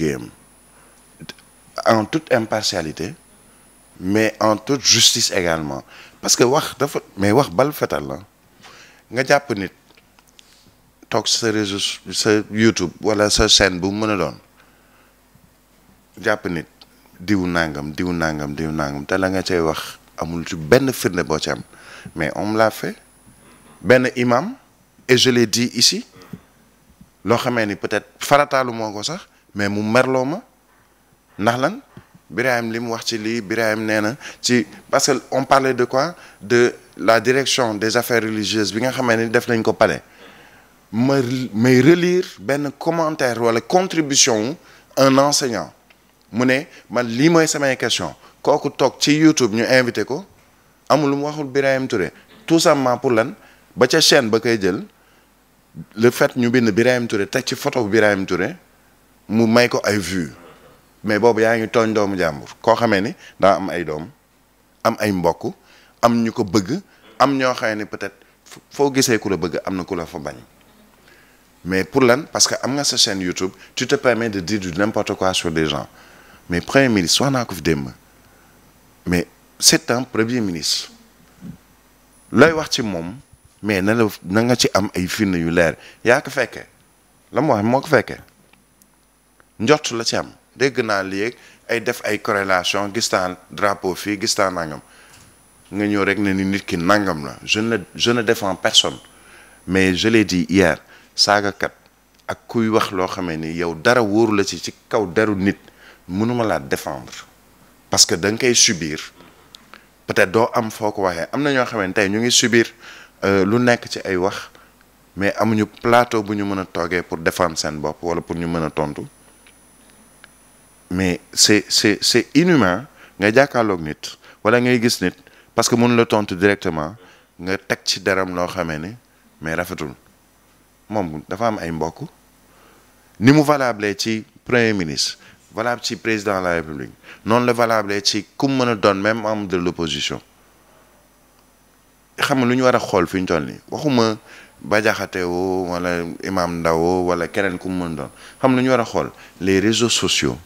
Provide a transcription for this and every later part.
liggéeyam en toute impartialité mais en toute justice également parce que wax dafa mais wax bal fetal la nga jàpp nit toog sa réseau sa YouTube wala sa chaîne bu mu mën a doon jàpp nit diw nangam diw nangam diw nangam te la nga cay wax amul ci benn firnde boo ci am mais on l'a fait benn imam et je ici loo xamee ni peut-être farataalu moo ko sax mais mu merloo ma ndax lan Birahim li mu wax ci lii Birahim nee na ci parce que on parlait de quoi de la direction des affaires religieuses bi nga xamee ni def nañ ko pale ma may relire benn commentaire wala contribution un enseignant mu ne man lii mooy samay question kooku toog ci YouTube ñu invité ko amul lu mu waxul Birahim Touré tout simplement pour lan ba ca chaîne ba koy jël le fait ñu bind Birahim Touré teg ci photo Birahim Touré mu may ko ay vues mais boobu yaa ngi tooñ doomu jàmbur koo xamee ni daa am ay doom am ay mbokk am ñu ko bëgg am ñoo xamee ni peut-être foo gisee ku la bëgg am na ku la fa bañ mais pour lan parce que am nga sa chaîne YouTube tu te permets de dire du n'importe quoi des gens mais premier ministre wax naa ko fi démb mais c'est un premier ministre looy wax ci moom mais na na nga ci am ay firnde yu leer yaa ko fekkee la mu wax moo ko fekkee njort la ci am dégg naa léegi ay def ay corrélation gis naa drapeau fii gis naa nangam nga ñëw rek ne ni nit ki nangam la jeune ne je ne défends personne mais je l'ai dit hier saagakat ak kuy wax loo xamee ni yow dara wóoru la ci ci kaw deru nit mënuma laa défendre parce que da nga koy subir peut-être doo am foo ko waxee am na ñoo xamee ni tey ñu ngi subir euh, lu nekk ci ay wax mais amuñu plateau bu ñu mën a toogee pour défendre seen bopp wala pour ñu mën a tontu mais c'est c'est c'est inhumain nga jàkkaarlook nit wala ngay gis nit parce que mun la tontu directement nga teg ci daram loo xamee ni mais rafetul moom dafa am ay mbokk ni mu valable ci premier ministre valable ci président de la république noonu la valable ci ku mu mën a doon même membre de l'opposition xam nga lu ñu war a xool fi ñu toll nii waxuma bajaxate woo wala Imam Ndao wala keneen ku mu mën doon xam lu ñu war a xool les réseaux sociaux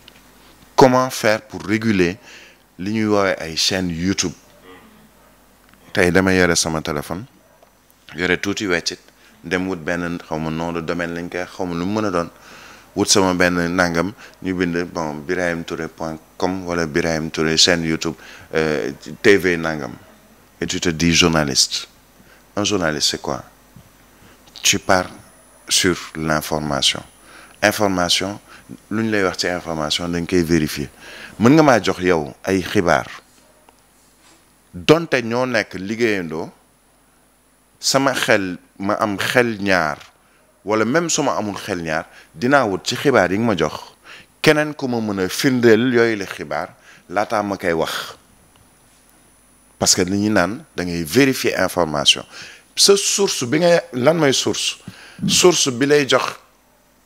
comment faire pour réguler li ñuy woowee ay chaînes YouTube tey dama yore sama téléphone yore tuuti weccit dem wut benn xaw ma nom domaine lañ koy xaw ma lu mu mën a doon wut sama benn nangam ñu bind bon Birahim Touré point com wala Birahim Touré chaîne YouTube euh, TV nangam et tu te dis journaliste un journaliste c'est quoi tu pars sur l'information information lu ñu lay wax ci information dañ koy vérifier mën nga maa jox yow ay xibaar donte ñoo nekk liggéeyandoo sama xel ma am xel ñaar wala même su ma amul xel ñaar dinaa wut ci xibaar yi nga ma jox keneen ku ma mën a firndeel yooyu la xibaar laataa ma koy wax parce que li ñu naan dangay ngay vérifier information sa source bi ngay lan mooy source source bi lay jox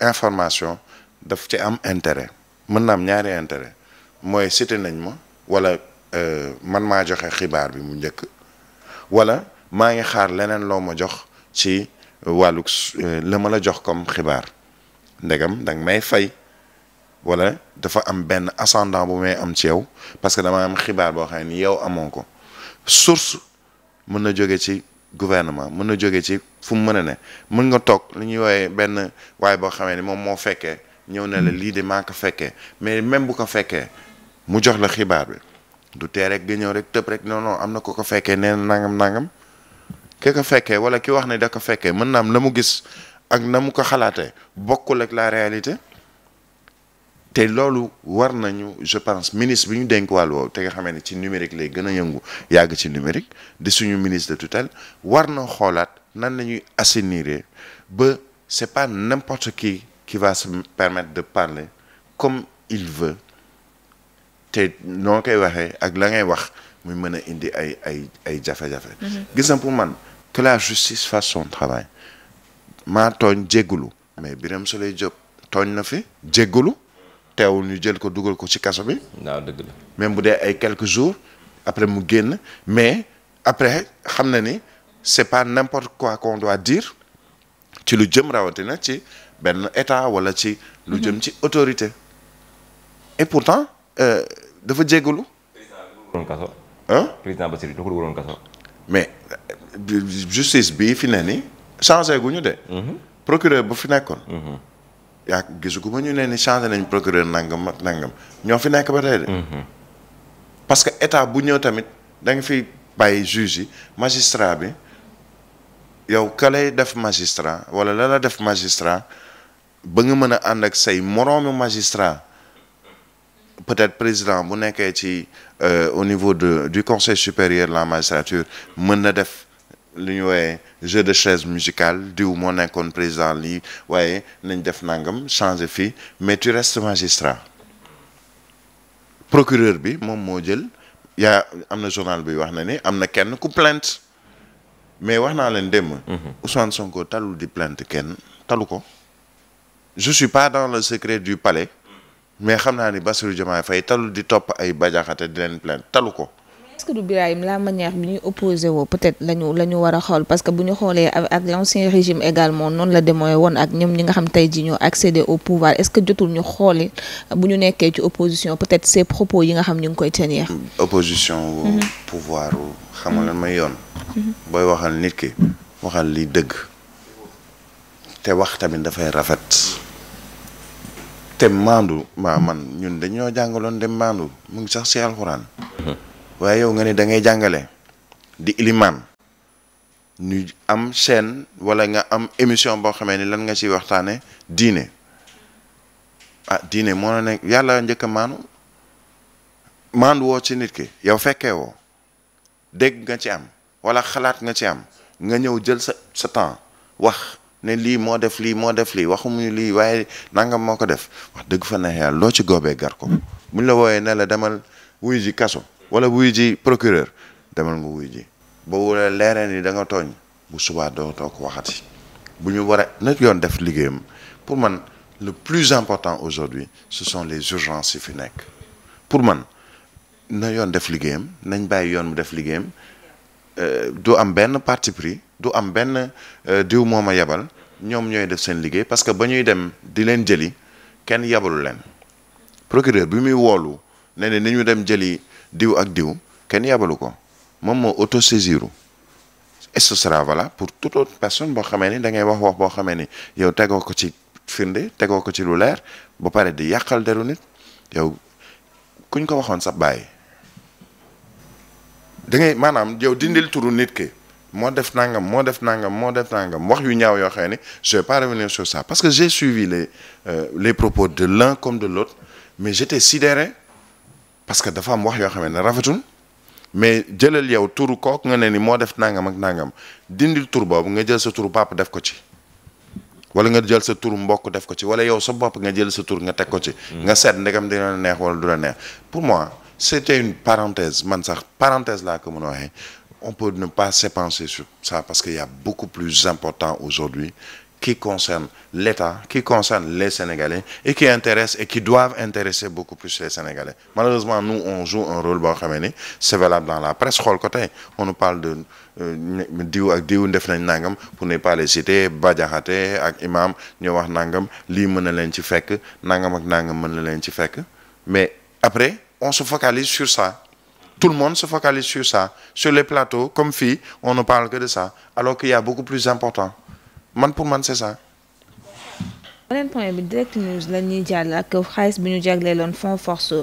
information daf ci am intérêt mën na am ñaari intérêt mooy cité nañ ma wala euh, man maa joxe xibaar bi mu njëkk wala maa ngi xaar leneen loo ma jox ci wàllu euh, la ma la jox comme xibaar ndegam danga may fay wala dafa am benn ascendant bu may am ci yow parce que dama am xibaar boo xam ne ni yow amoon ko source mën na jóge ci gouvernement mën na jóge ci fu mu mën ne mën nga toog li ñuy wooyee benn waaye boo xamee ni moom moo fekkee ñëw ne la hmm. lii de maa ko fekkee mais même bu ko fekkee mu jox la xibaar bi du tee rek nga ñëw rek tëb rek noonu am na ko ko fekkee nee nangam nangam ke ko fekkee wala ki wax ne da ko fekkee mën na am na mu gis ak na mu ko xalaatee bokkul ak la réalité te loolu war nañu je pense ministre bi ñu denk wàll woowu te nga xamee ne ci numérique lay gën a yëngu yàgg ci numérique di suñu ministre de tutelle war na xoolaat nan la ñuy assainir ba c'est pas n'importe qui qui va se permettre de parler comme il veut te noo koy waxee ak la wax muy mën a indi ay ay ay jafe-jafe. Mm-hmm. gis na pour man que la justice fasse son travail maa tooñ jéggulu mais Birame Souleye Diop tooñ na fi jéggulu teewul ñu jël ko dugal ko ci kaso bi. waaw dëgg bu dee ay quelques jours après mu génn mais après xam na ni c'est pas n'importe quoi qu'on doit ci lu jëm rawatina ci benn état wala ci lu mhm. jëm ci autorité et pourtant euh, dafa jéggalu ah président Bassirou da mais euh, justice bii fi ne ni gu ñu de mhm. procureur bu fi nekkoon mhm. yaa gisu gu ma ñu ne ni changé nañ procureur nangam ak nangam ñoo fi nekk ba tey parce que état bu ñëw tamit da nga fiy bàyyi juge yi magistrat bi yow ka def magistrat wala la def magistrat ba nga mën a ànd ak say moroomu magistrat peut-être président bu nekkee ci euh, au niveau de du conseil supérieur de la magistrature mën na def lu ñu woowee jeu de chaise musicale diw moo nekkoon président lii waaye nañ def nangam changer fii mais tu restes magistrat procureur bi moom moo jël yaa am na journal bi wax na ni am na kenn ku plainte mais wax naa leen démb. Mhm. Ousmane Sonko talul di plainte kenn talu ko. je suis pas dans le secret du palais. mais xam naa ni Bassirou Diomaye fay talul di topp ay bajaxate di leen plainte talu ko. est-ce que du Birahim la manière bi ñuy opposé woo peut lañu la a xool parce que bu ñu xoolee ak l'ancien régime également noonu la demooy woon ak ñoom ñi nga xam tey ji ñoo accéder au pouvoir est-ce jotul ñu xooli bu ñu nekkee ci opposition peut-être ces propos yi nga xam ñu ngi koy tenir opposition wu mm-hmm. pouvoir wu may yoon mm-hmm. booy waxal nit ki waxal li dëgg te wax tamit dafay rafet te maandu maa man ñun dañoo jàngaloon dem maandu mu ngi sax ci alxuraan waaye yow nga ne da ngay jàngale di ilimaan ñu am chaîne wala nga am émission boo xamee ni lan nga ciy waxtaane diine ah diine moo na ne yàlla njëkk a maanu maandu woo ci nit ki yow fekkee woo dégg nga ci am wala xalaat nga ci am nga ñëw jël sa sa temps wax ne lii moo def lii moo def lii waxumuñu lii waaye nangam moo ko def wax dëgg fa ne yàlla loo ci goobee gar ko buñ la wooyee ne la demal wuyu ji kaso wala wuy ji procureur demal nga wuy ji boo wala leeree ni da nga tooñ bu subaa doo too ko waxati bu ñu war a na yoon def liggéeyam pour man le plus important aujourd'hui ce sont les urgences yi fi nekk pour man na yoon def liggéeyam nañ bàyyi yoon mu def liggéeyam euh, du am benn parti pris du am benn euh, diw moom a yebal ñoom ñooy def seen liggéey parce que ba ñuy dem di leen jëli kenn yebalu leen procureur bi muy woolu ne ne ni ñu dem jëli diw ak diw kenn yabalu ko moom moo autosaisiru et ce sera valable pour tout autre personne boo xamee ni da ngay wax wax boo xamee ni yow tegoo ko ci firnde tegoo ko ci lu leer ba pare di yàqal deru nit yow kuñ ko waxoon sa bàyyi da maanaam yow dindil turu nit ki moo def nangam moo def nangam moo def nangam wax yu ñaaw yoo xam ne je vais pas revenir sur ça parce que j'ai suivi les euh, propos de l'un comme de l'autre mais j'étais sidéré parce que dafa am wax yoo xam ne rafetul mais jëlal yow turu kook nga ne ni moo def nangam ak nangam dindil tur boobu nga jël sa turu papa def ko ci wala nga jël sa turu mbokk def ko ci wala yow sa bopp nga jël sa tur nga teg ko ci. Mm. nga seet ndegam dina neex wala du la neex pour moi c'était une parenthèse man sax parenthèse laa ko mën a waxee on peut ne pas s'épancher sur ça parce qu'il y a beaucoup plus important aujourd'hui qui concerne l'État, qui concerne les Sénégalais et qui intéresse et qui doivent intéresser beaucoup plus les Sénégalais. Malheureusement, nous, on joue un rôle boo xamee ni c'est valable dans la presse xool ko tey on nous parle de euh, diw ak diw def nañ nangam pour ne pas les citer Badiakhate ak Imam ñoo wax nangam lii mën na leen ci fekk nangam ak nangam mën na leen ci fekk mais après on se focalise sur ça. tout le monde se focalise sur ça sur les plateaux comme fii on ne parle que alors qu'il important man pour man c'est ça. beneen point bi direct news la ñuy jàll ak xaalis bi ñu jagleeloon fonds force